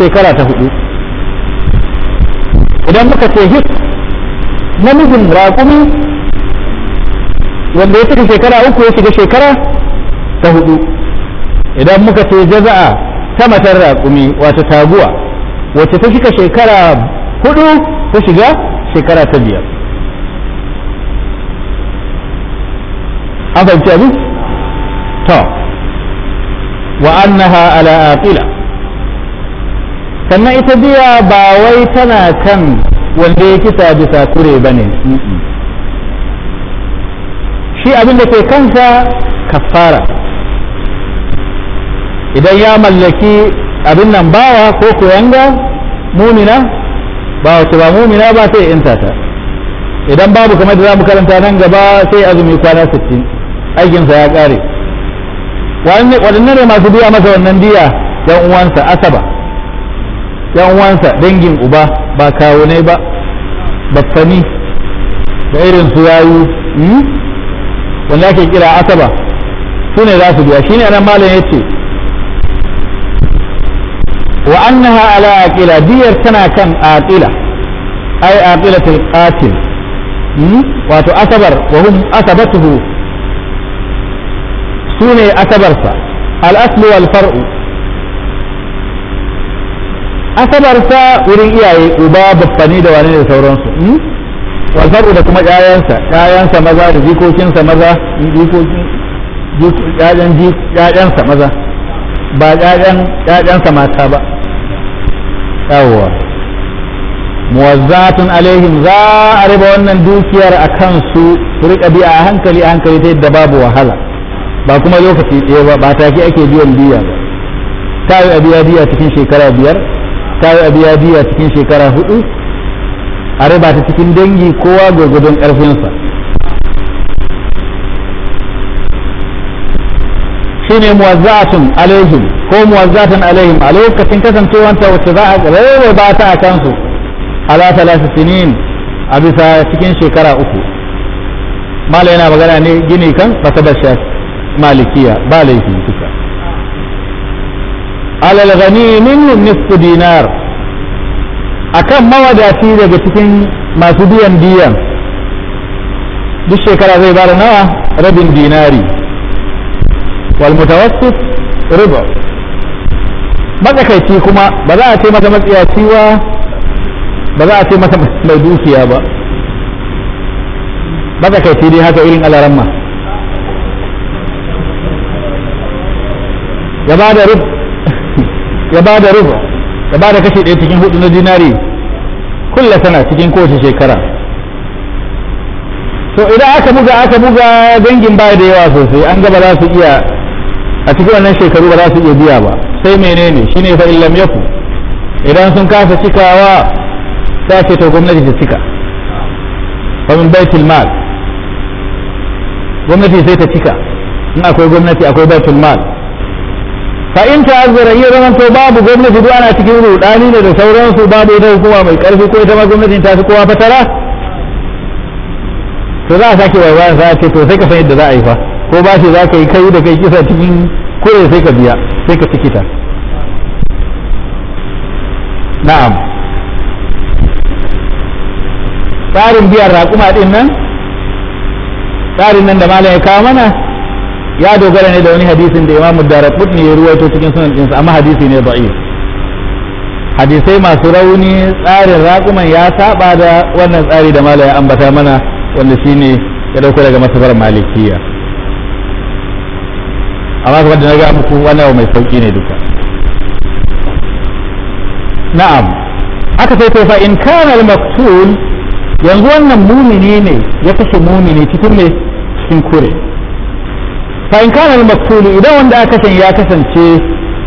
shekara ta hudu idan muka ce hik namijin raƙumi wanda ya cika shekara uku ya shiga shekara ta hudu idan muka ce jaza'a ta matar raƙumi wata taguwa wacce ta cika shekara hudu ta shiga shekara ta biyar an fahimci to wa annaha ala aqila sannan ita biya ba wai tana kan wanda ya kisa bisa kure ba ne shi abin da ke kansa kafara idan ya mallaki abin nan bawa ko koyanga mumina ba wace ba mumina ba sai yanta ta idan babu kamar da za mu karanta nan gaba sai azumi kwana 60 aikinsa ya kare waɗanne ne masu biya masa wannan diya yan uwansa asaba yan uwansa dangin uba ba kawo ne ba baffani da irin su yayu hmm? wanda ake kira asaba su ne za su biya shine anan malam ya ce wa annaha ala aqila diyar tana kan aqila ai aqilatul qatil hmm? wato asabar wa hum asabatuhu sune asabarsa al aslu wal far'u sa wurin iyaye uba baffani da wani da sauransu hmm? wal far'u da kuma ƴaƴansa ƴaƴansa maza da jikokinsa maza hmm, jikokin ƴaƴan maza ba ƴaƴan ƴaƴansa mata ba yawwa muwazzatun alaihim za a riba wannan dukiyar a kansu su rika biya a hankali a hankali ta yadda babu wahala ba kuma lokaci ɗaya ba ba take ake biyan biya ba ta yi abiya biya cikin shekara biyar ta yi abiya biya cikin shekara hudu a riba ta cikin dangi kowa gwargwadon ƙarfinsa shine muwazzatun alaihim ko muwazzatan alaihim a lokacin kasancewanta wacce za a rere ba ta a kansu ala talata sinin a bisa cikin shekara uku mala yana magana ne gini kan fasadar shaf malikiya ba laifin duka alal gani minhum nisfu dinar akan mawadaci daga cikin masu biyan diyan duk shekara zai bada nawa rabin dinari wal mutawassit riba matsakaici kuma ba za a ce mata matsiyaci ba za a ce mata mai dukiya ba matsakaici dai haka irin alaramma ya ba da riba ya ba da riba ya cikin na dinari cikin shekara to idan aka buga aka buga dangin ba da yawa sosai an gaba za su iya a cikin wannan shekaru ba za su iya biya ba sai menene shine fa illam yaku idan sun kasa cikawa za ce to gwamnati ta cika fa min baitul mal gwamnati sai ta cika in akwai gwamnati akwai baitul mal fa in ta ta'azzara ya zama to babu gwamnati duk ana cikin rudani ne da sauransu babu ita hukuma mai karfi ko ita ma gwamnatin ta fi kowa fatara to za a sake waiwa za a ce to sai ka san yadda za a yi fa ko ba shi za ka yi kai da kai kisa cikin kure sai ka biya sai ka cikita na'am tsarin biyan raƙuma ɗin nan tsarin nan da malam ya kawo mana ya dogara ne da wani hadisin da imamu ne ya ruwaito cikin sunan ɗinsa amma hadisi ne ba'i hadisai masu rauni tsarin raƙuman ya saba da wannan tsari da malam ya ambata mana wanda shine ya dauko daga masabar malikiya amma kamar da na ga muku wani mai sauki ne duka na'am aka sai fa in kana al yanzu wannan mumini ne ya kashe mumini cikin ne cikin kure fa in kana al idan wanda aka kashe ya kasance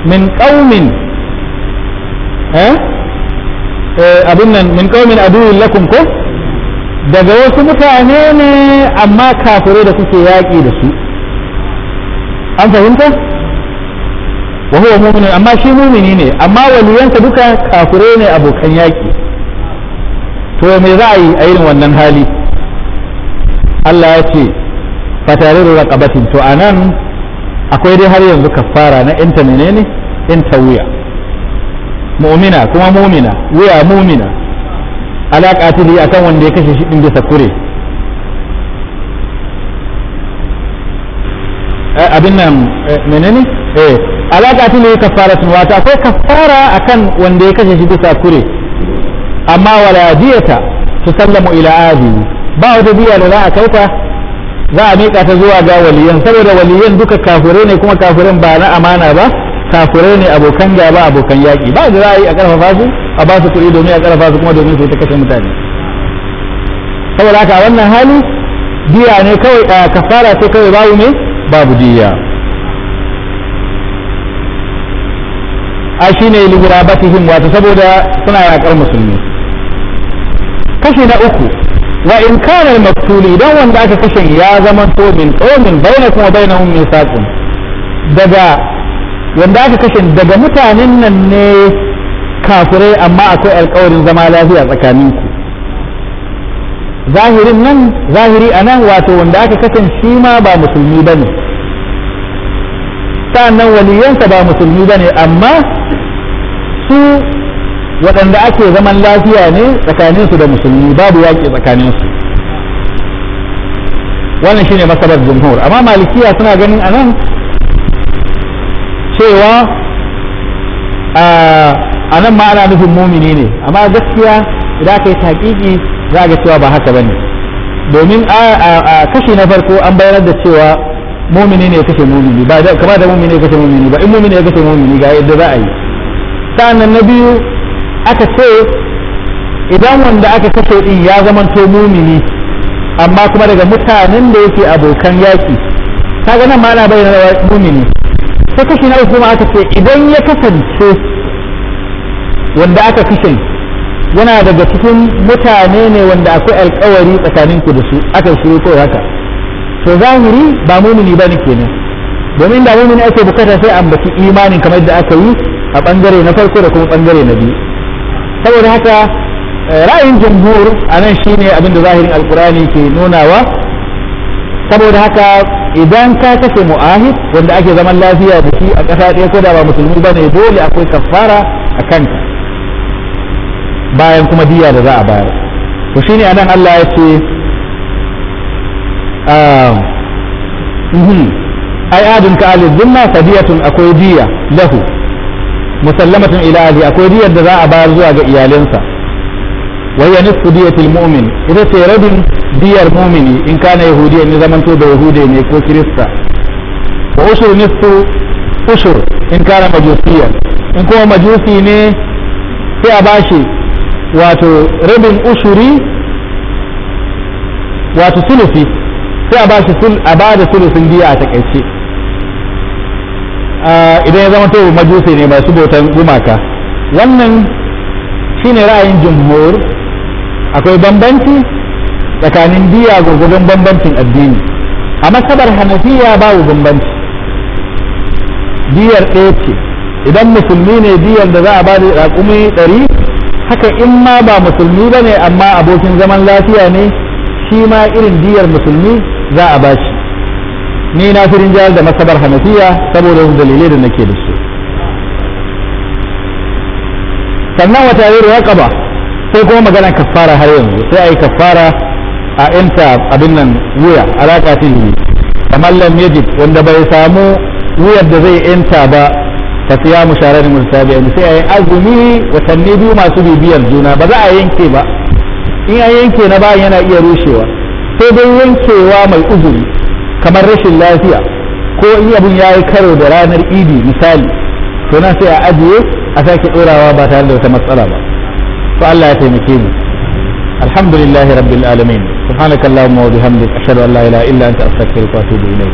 min qaumin eh, eh abin nan min qaumin aduwwin lakum ko daga wasu mutane ne amma kafirai da kuke yaƙi da su an fahimta wa huwa mu'minun amma shi mu'mini ne amma waliyansa duka kafure ne abokan yaki to me za a yi a irin wannan hali Allah ya ce fatarir raqabatin to anan akwai dai har yanzu kafara na inta menene inta wuya mu'mina kuma mu'mina wuya mu'mina alaƙa ta akan wanda ya kashe shi din bisa kure Eh, abin nan eh, menene eh alaka ta ne kafaratun wata akwai kafara akan wanda ya kashe shi bisa kure amma wala diyata tusallamu ila abi ba wata diya da za a kauta za a miƙa ta zuwa ga waliyan saboda waliyan duka kafirai ne kuma kafirin ba na amana ba kafirai ne abokan gaba abokan yaƙi ba da za a yi a ƙarfafa su a ba su kuɗi domin a ƙarfafa su kuma domin su ta kashe mutane saboda haka wannan hali diya ne kawai kafara sai kawai babu ne babu diya a shi ne ligurabatihim wato saboda suna yaƙar musulmi kashi na uku wa in kana al-maktulu idan wanda aka kashe ya zama to min qawmin bainakum wa bainahum mithaqun daga wanda aka kashe daga mutanen nan ne kafirai amma akwai alƙawarin zama lafiya tsakaninku zahirin nan zahiri a nan wato wanda aka kasance ma ba musulmi ba ne sa'annan waliyansa ba musulmi ba ne amma su waɗanda ake zaman lafiya ne tsakaninsu da musulmi babu yaƙi tsakaninsu wannan shine masabar jumhur amma malikiya suna ganin a nan cewa a nan ma ana nufin mumini ne amma gaskiya idan aka yi taƙiƙi za ga cewa ba haka bane domin a kashi na farko an bayar da cewa mumini ne kashe mumini ba da kamar da mumini ne kashe mumini ba in mumini ne kashe mumini ga yadda za a yi sannan na biyu aka ce idan wanda aka kashe din ya zamanto mumini amma kuma daga mutanen da yake abokan yaki kaga nan ma ana bayyana mumini sai kashi na uku kuma aka ce idan ya kasance wanda aka kashe yana daga cikin mutane ne wanda akwai alkawari tsakaninku da su aka shiru ko haka to zahiri ba mumini ba ne kenan domin da mumini ake bukata sai ambaci imanin kamar da aka yi a bangare na farko da kuma bangare na biyu saboda haka eh, ra'ayin jamhur a nan shine abin da zahirin alkurani ke nunawa saboda haka idan ka kashe mu'ahid wanda ake zaman lafiya da shi a ƙasa ɗaya ko da ba musulmi ba ne dole akwai kafara a kanka bayan kuma diya da za a bayar to shine anan Allah ya ce ai adun ka alil zimma fadiyatun akwai diya lahu musallamatun ila ali akwai diyar da za a bayar zuwa ga iyalinsa waya nisfu diyatil mu'min ita ce rabin diyar mu'mini in kana yahudiya ne zaman to da yahude ne ko kirista wa ushur nisfu ushur in kana majusiya in kuma majusi ne sai a bashi wato rabin ushuri wato sulusi sai a ba shi a ba da sulusin biya a takaice idan ya zama to majusi ne su bautan gumaka wannan shine ra'ayin jumhur akwai bambanci tsakanin biya gurgurdan bambancin addini a masabar hanafiya babu bambanci biyar ɗaya ce idan musulmi ne biyar da za a ba da raƙumi ɗari haka in ma ba musulmi ba ne amma abokin zaman lafiya ne shi ma irin diyar musulmi za a ba shi ni na fi jihar da masabar hanafiya saboda wani dalilai da nake da su sannan wata yi ruwa kaba sai kuma magana kafara har yanzu sai a yi kafara a yanta abin nan wuya a raka kamar lam yajid wanda bai samu wuyar da zai yanta ba fasiya musharar mursabiyan sai a yi azumi watanni biyu masu bibiyar juna ba za a yanke ba in a yanke na bayan yana iya rushewa ko dai yankewa mai uzuri kamar rashin lafiya ko in abin ya yi karo da ranar idi misali to nan sai a ajiye a sake ɗorawa ba tare da wata matsala ba to Allah ya taimake mu alhamdulillahi rabbil alamin subhanakallahumma wa bihamdika ashhadu an la ilaha illa anta astaghfiruka